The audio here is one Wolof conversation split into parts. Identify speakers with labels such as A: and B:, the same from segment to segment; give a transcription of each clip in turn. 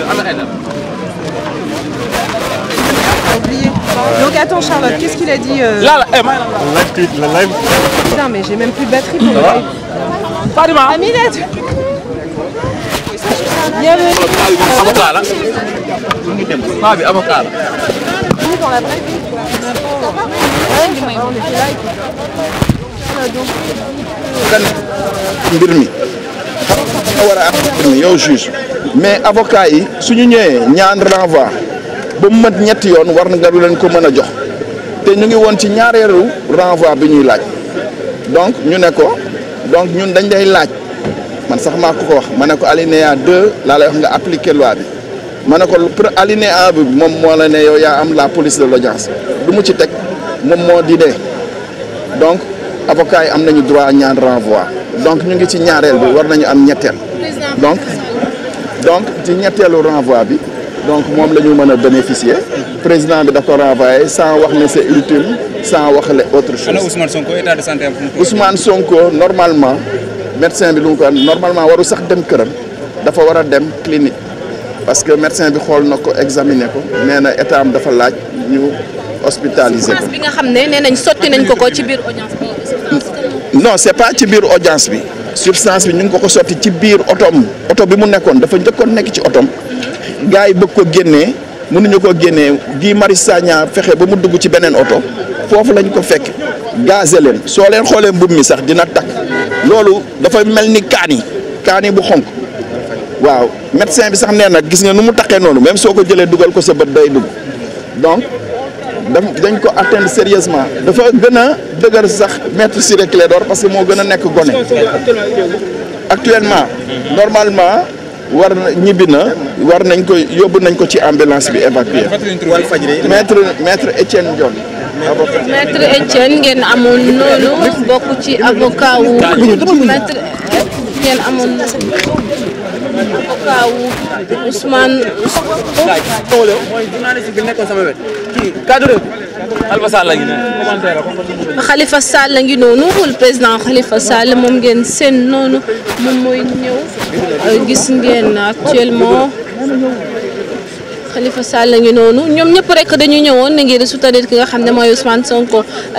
A: Euh, Donc attends Charlotte, qu'est-ce qu'il a dit euh... Là, là, hey, eh, man. Le live tweet, le live. Putain, mais j'ai même plus de batterie pour le live. Fatima Aminette ah, Bienvenue
B: Avocat là Pas avocat là
A: Oui, dans la vraie vie. On était là et puis... kan
B: mbir mi xam nga war a am mbir mi yow juge mais avocat yi suñu ñëwee ñaan renvoi ba mu mat ñetti yoon war nga lu leen ko mën a jox te ñu ngi woon ci ñaareelu renvoi bi ñuy laaj donc ñu ne ko donc ñun dañ day laaj man sax maak ko ko wax ma ne ko alinéa 2 laa lay wax nga appliquer loi bi ma ne ko alinéa bi moom moo la ne yow yaa am la police de l'audience du mu ci teg moom moo di dee donc avocat yi am nañu droit ñaan renvoi donc ñu ngi ci ñaareel bi war nañu am ñetteel donc donc ci ñetteelu renvoi bi donc moom la ñu mën a bénéficier président bi da ko renvoyé sans wax ne c'est ultime sans wax le autre chose. Ousmane Sonko état de santé am. Ousmane Sonko normalement médecin bi lu mu ko normalement waru sax dem këram dafa war a dem clinique parce que médecin bi xool na ko examiner ko nee na état am dafa laaj ñu hospitaliser ko. bi
A: nga xam ne nee nañ sotti nañ ko ko ci biir audience bi.
B: non ci biir audience bi. substance bi ñu ngi ko ko sotti ci biir otoom oto bi mu nekkoon dafa njëkkoon nekk ci otoom gars yi bëgg ko génnee mënuñu ko génnee Guy Marius Sagna fexe ba mu dugg ci beneen oto foofu lañ ko fekk gazé leen soo leen xoolee mbubb mi sax dina takk loolu dafa mel ni kaani kaani bu xonk waaw médecin bi sax nee na gis nga nu mu taqee noonu même soo ko jëlee dugal ko sa bët day dugg donc. dañ ko atteindre sérieusement dafa gën a dëgër sax maître Ciré Clédor parce que moo gën a nekk gone actuellement normalement war na ñibbi na war nañ ko yóbbu nañ ko ci ambulance bi évacué maître maître Étienne Dione
A: avocat maître Étienne ngeen amoon noonu bokk ci avocat wu maître ngeen amoon avocat wu Ousmane kii cadre
B: Khalifa Sall ngi noonu.
A: Khalifa Sall président Khalifa Sall moom ngeen seen noonu moom mooy ñëw gis ngeen actuellement. Khalifa Sall la noonu ñoom ñëpp rek dañu ñëwoon ngir soutenir ki nga xam ne mooy Ousmane Sonko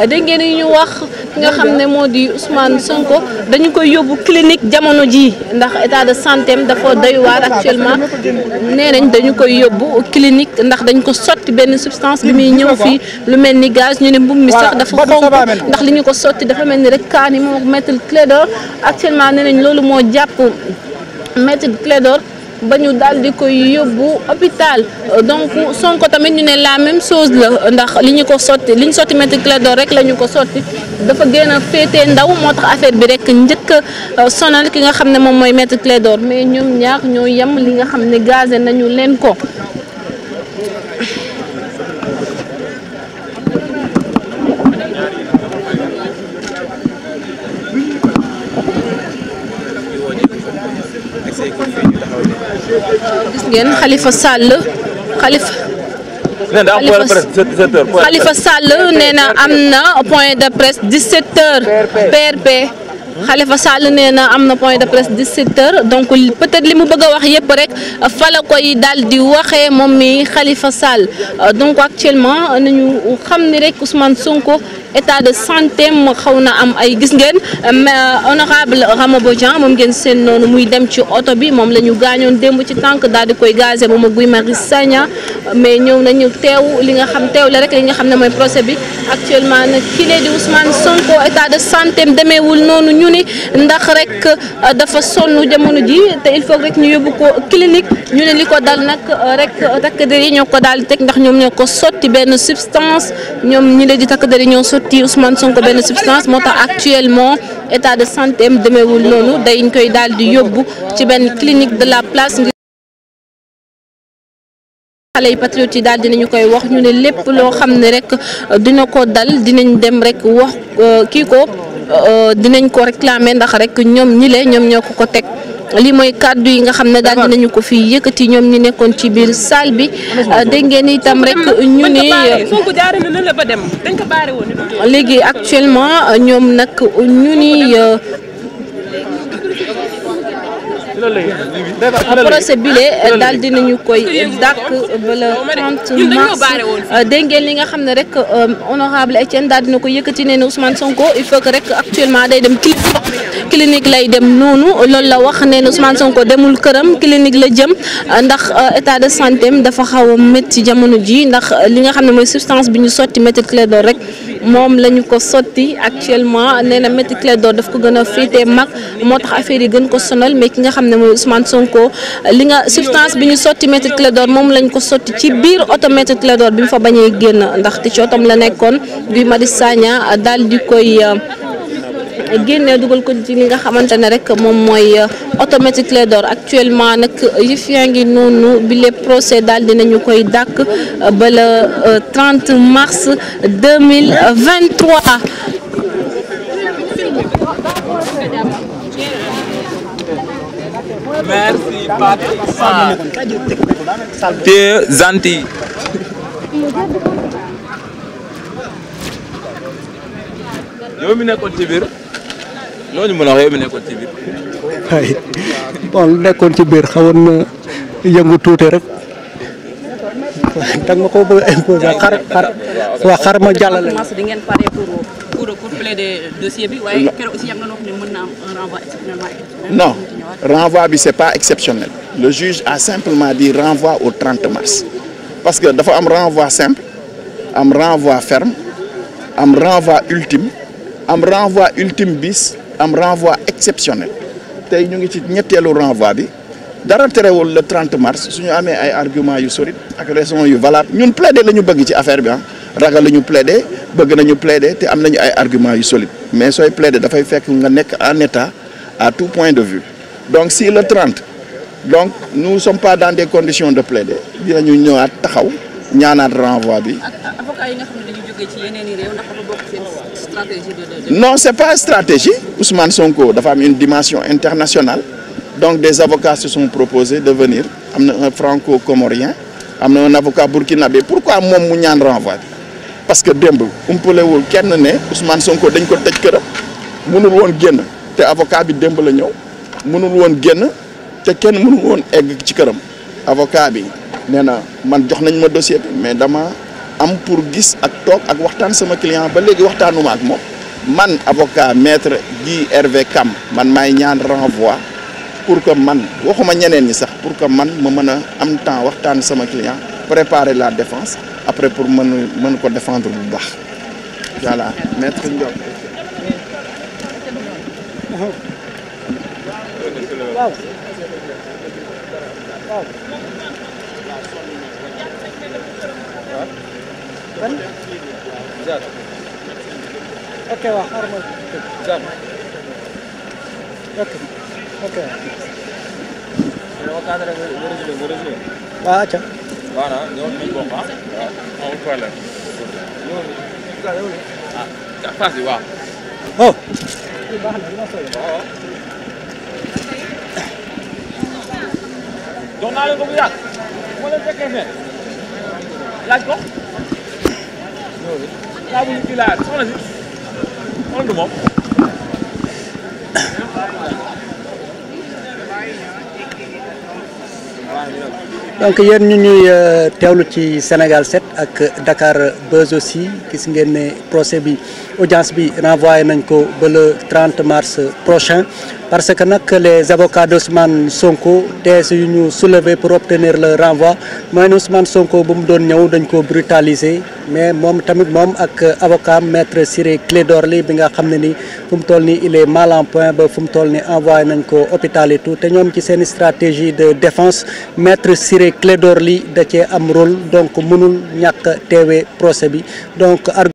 A: dégg ngeen ñu wax nga xam ne moo di Ousmane Sonko dañu koy yóbbu clinique jamono ji ndax état de santé am dafa day waar actuellement nee nañ dañu koy yóbbu clinique ndax dañ ko sotti benn substance bi muy ñëw fii lu mel ni gaz ñu ne mbubb mi sax dafa xonk ndax li ñu ko sotti dafa mel ni rek kaani moo mettre clé d'or actuellement nee nañ loolu moo jàpp mettre clé d'or ba ñu daal di koy yóbbu hôpital donc Sonko tamit ñu ne la même chose la ndax li ñu ko sotti li ñu sotti Maître Clédor rek la ñu ko sotti dafa génn a féetee ndaw moo tax affaire bi rek njëkk sonal ki nga xam ne moom mooy Maître Clédor mais ñoom ñaax ñoo yem li nga xam ne gazé nañu leen ko. gisee kii Khalifa Sall Khalifa.
B: Khalifa Sall nee na am na
A: point de presse 17h. PRP Khalifa Sall nee na am na point de presse 17h donc peut-être li mu bëgg a wax yëpp rek fa la daal di waxe moom mi Khalifa Sall donc actuellement nañu xam ni rek Ousmane Sonko. état de santé xaw na am ay gis ngeen honorable Ramabodian moom ngeen seen noonu muy dem ci oto bi moom la ñu gaañoon démb ci tànk daal di koy gazé moom ak Guy Marius Sagna mais ñëw nañu teew li nga xam teew la rek li nga xam ne mooy procès bi actuellement nag kii di Ousmane Sonko état de santé am demeewul noonu ñu ni ndax rek euh, dafa sonn jamono ji te il faut rek ñu yóbbu ko clinique ñu ne li ko dal nag euh, rek takk der yi ñoo ko daal di teg ndax ñoom ñoo ko sotti benn substance ñoom ñi leen di takk der yi ñoo sotti soon Sonko benn substance moo tax actuellement état de santé am demeewul noonu dañ koy daal di yóbbu ci benn clinique de la place. xale yi patriote yi daal dinañu koy wax ñu ne lépp loo xam ne rek euh, dina ko dal dinañ dem rek wax euh, kii ko euh, dinañ ko réclamer ndax rek ñoom ñile ñoom ñoo ko ko teg. lii mooy kàddu yi nga xam ne daal nañu ko fi yëkkati ñoom ñu nekkoon ci biir salle bi euh, dégg ngeen itam rek ñu ni euh, léegi actuellement euh, ñoom nag ñu procès bile euh, euh, daal ñu koy dàkk ba le 30 mars euh, dégg ngeen li nga xam ne rek honorable Etienne daal dina ko yëkkati nee na Ousmane Sonko il faut que rek actuellement day dem clinique lay dem noonu loolu la wax nee na Ousmane Sonko demul këram clinique la jëm ndax état de santé dafa xaw a métti jamono ji ndax li nga xam ne mooy substance bi ñu sotti méthylclédor rek moom la ñu ko sotti actuellement nee na méthylclédor daf ko gën a féetee mag moo tax affaire yi gën ko sonal mais ki xam ne mooy Ousmane Sonko li nga substance bi ñu sotti maître Clédor moom lañ ko sotti ci biir oto maître Clédor bi mu fa bañee génn ndaxte ci otom la nekkoon Guy Marius Sagna daal di koy euh, génnee dugal ko ci li nga xamante ne rek moom mooy automatique euh, lay door actuellement nag yëf yaa ngi noonu bi les procès di nañu koy dàkk euh, ba le 30 mars 2023 merci Patrick Sarr
B: nekkoon ci biir loo ñu mën a wax yow nekkoon ci biir. bon lu nekkoon ci biir xawoon na yëngu tuuti rek. danga ma ko bëgg a imposer xar xar waa
A: pour pour bi. waaye
B: pas exceptionnel. le juge a simplement dit renvoi au 30 mars. parce que dafa am renvoi simple am renvoi ferme am renvoi ultime am renvoi ultime bis am renvoi exceptionnel tey ñu ngi ci ñetteelu renvoi bi dara terewul le 30 mars su ñu amee ay arguments yu solide ak raison yu valable ñun plaider la ñu bëgg ci affaire bi ah. ragal la ñu plaider bëgg nañu plaider te am nañu ay argument yu solide mais sooy plaider dafay fekk nga nekk en état à tout point de vue donc si le 30 donc nous sommes pas dans des conditions de plaider dinañu ñëwaat taxaw ñaanaat renvoi bi.
A: ak avocat
B: c'est pas stratégie Ousmane Sonko dafa am une dimension internationale donc des avocats se sont proposés de venir am na un franco-comorien am na un avocat burkinabé pourquoi moom mu ñaan renvoi bi. parce que démb umpalewul kenn ne Ousmane Sonko dañ ko tëj këram mënul woon génn te avocat bi démb la ñëw mënul woon génn te kenn mënul woon egg ci këram avocat bi nee na man jox nañ ma dossier bi mais dama am pour gis ak toog ak waxtaan sama client ba léegi waxtaanuma ak moom man avocat maître Guy Hervé Kam man may ñaan renvoi pour que man waxuma ñeneen ñi sax pour que man ma mën a am temps waxtaan sama client préparer la défense après pour mën mën ko défendre bu baax voilà maître Ndiop waaw waaw ok waaw xaaral ma ok ok waaw acca Voilà, non, non, non, non. Au problème. Ah, ta face, wa. Oh. Doon naa leen ko bu yàgg. Moo leen fekkee fee. Laaj ko. Laa bu ñu ci laaj soxna si. Xool du moom. Waaw, donc yéen ñu ñuy euh, teewlu ci Sénégal 7 ak Dakar Buzz aussi gis ngeen ne procès bi audience bi renvoyé nañ ko ba le 30 mars prochain parce que nag les avocats d'Ousmane Sonko thèse yu ñu soulevé pour obtenir le renvoie mooy ne Ousmane Sonko bu mu doon ñëw dañ ko brutaliser mais moom tamit moom ak avocat maître Ciré Clédor Ly bi nga xam ne ni fu mu toll nii il est mal en point ba fu mu toll nii envoyé nañ ko hôpital et tout te ñoom ci seeni stratégie de défense maître Ciré
A: Clédor Ly da cee am rôle donc mënul ñàkk teewee procès bi donc